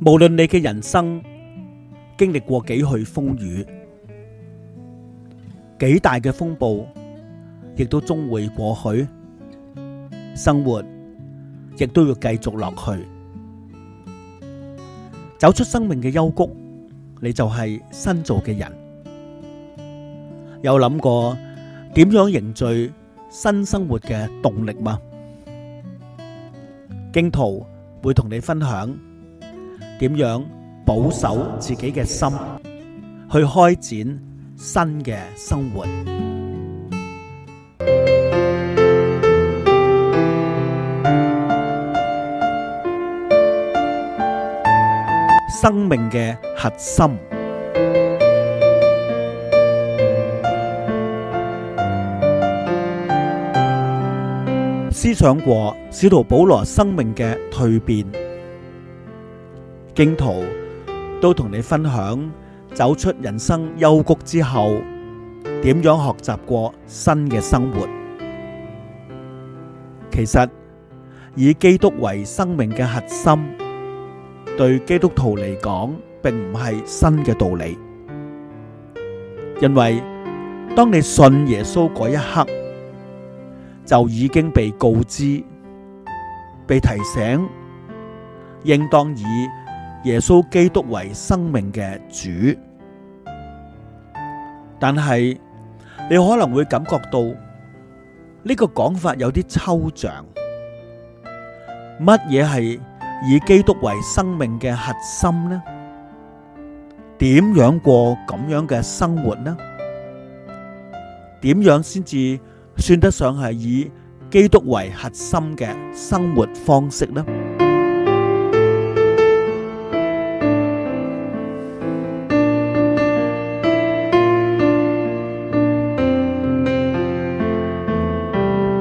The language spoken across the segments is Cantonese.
無論你嘅人生經歷過幾許風雨，幾大嘅風暴，亦都終會過去。生活亦都要繼續落去，走出生命嘅幽谷，你就係新造嘅人。有諗過點樣凝聚新生活嘅動力嗎？荊徒會同你分享。點樣保守自己嘅心，去開展新嘅生活。生命嘅核心，思想過使徒保羅生命嘅蛻變。荊徒都同你分享，走出人生幽谷之後，點樣學習過新嘅生活？其實以基督為生命嘅核心，對基督徒嚟講，並唔係新嘅道理，因為當你信耶穌嗰一刻，就已經被告知、被提醒，應當以。耶穌基督為生命嘅主，但係你可能會感覺到呢個講法有啲抽象。乜嘢係以基督為生命嘅核心呢？點樣過咁樣嘅生活呢？點樣先至算得上係以基督為核心嘅生活方式呢？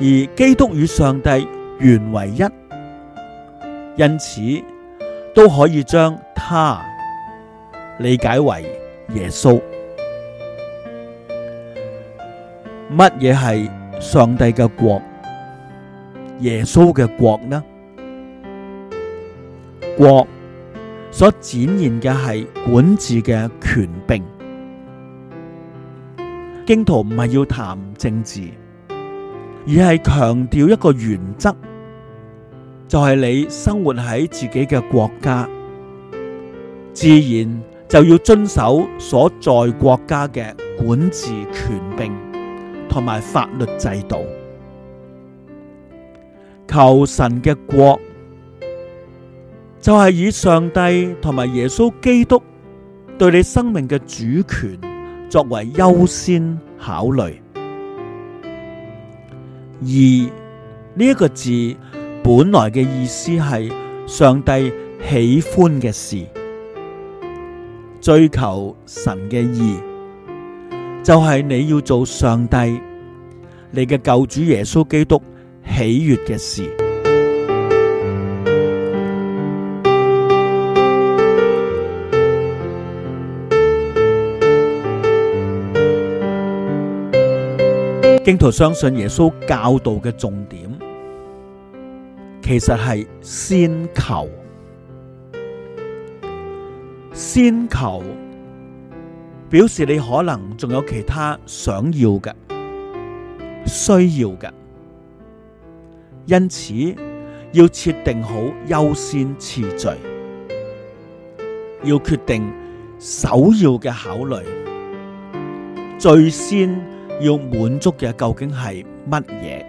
而基督與上帝原為一，因此都可以將他理解為耶穌。乜嘢係上帝嘅國？耶穌嘅國呢？國所展現嘅係管治嘅權柄。荊徒唔係要談政治。而係強調一個原則，就係你生活喺自己嘅國家，自然就要遵守所在國家嘅管治權柄同埋法律制度。求神嘅國就係以上帝同埋耶穌基督對你生命嘅主權作為優先考慮。意呢一個字本來嘅意思係上帝喜歡嘅事，追求神嘅意，就係、是、你要做上帝你嘅救主耶穌基督喜悅嘅事。荊徒相信耶穌教導嘅重點，其實係先求，先求表示你可能仲有其他想要嘅、需要嘅，因此要設定好優先次序，要決定首要嘅考慮，最先。要滿足嘅究竟係乜嘢？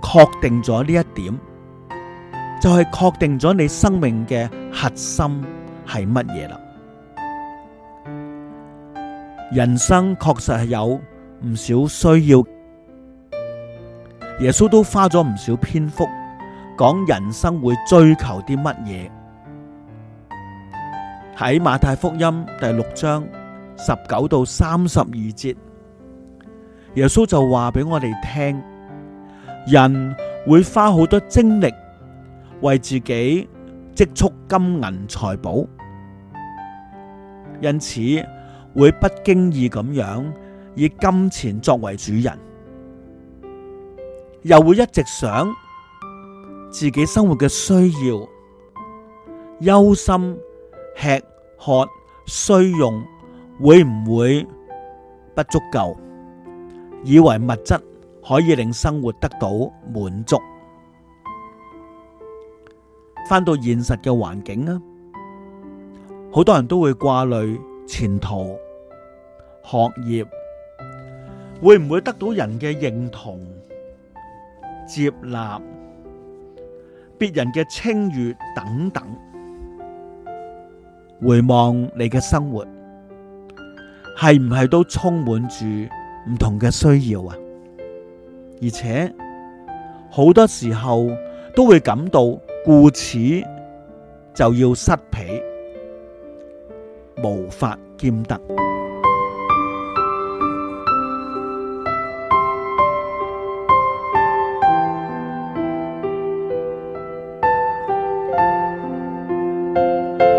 確定咗呢一點，就係確定咗你生命嘅核心係乜嘢啦。人生確實係有唔少需要，耶穌都花咗唔少篇幅講人生會追求啲乜嘢。喺馬太福音第六章。十九到三十二節，耶穌就話俾我哋聽，人會花好多精力為自己積蓄金銀財寶，因此會不經意咁樣以金錢作為主人，又會一直想自己生活嘅需要，憂心吃喝需用。會唔會不足夠？以為物質可以令生活得到滿足？返到現實嘅環境啊，好多人都會掛慮前途、學業，會唔會得到人嘅認同、接納、別人嘅稱譽等等？回望你嘅生活。係唔係都充滿住唔同嘅需要啊？而且好多時候都會感到顧此就要失彼，無法兼得。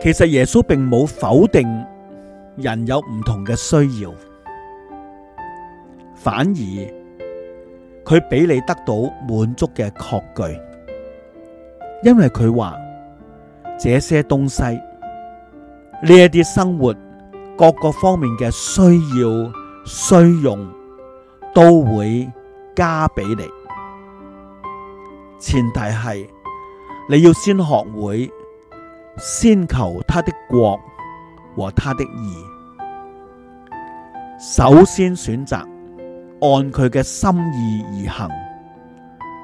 其實耶穌並冇否定。人有唔同嘅需要，反而佢俾你得到滿足嘅確據，因為佢話這些東西呢，一啲生活各個方面嘅需要，需用都會加俾你，前提係你要先學會先求他的國。和他的意，首先選擇按佢嘅心意而行，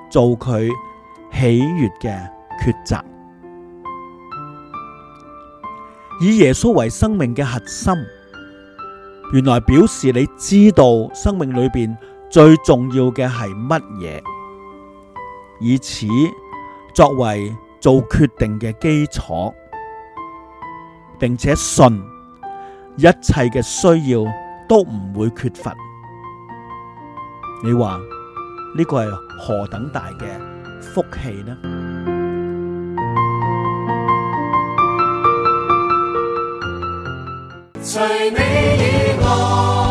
做佢喜悅嘅抉擇，以耶穌為生命嘅核心。原來表示你知道生命裏邊最重要嘅係乜嘢，以此作為做決定嘅基礎。並且信一切嘅需要都唔會缺乏，你話呢個係何等大嘅福氣呢？隨你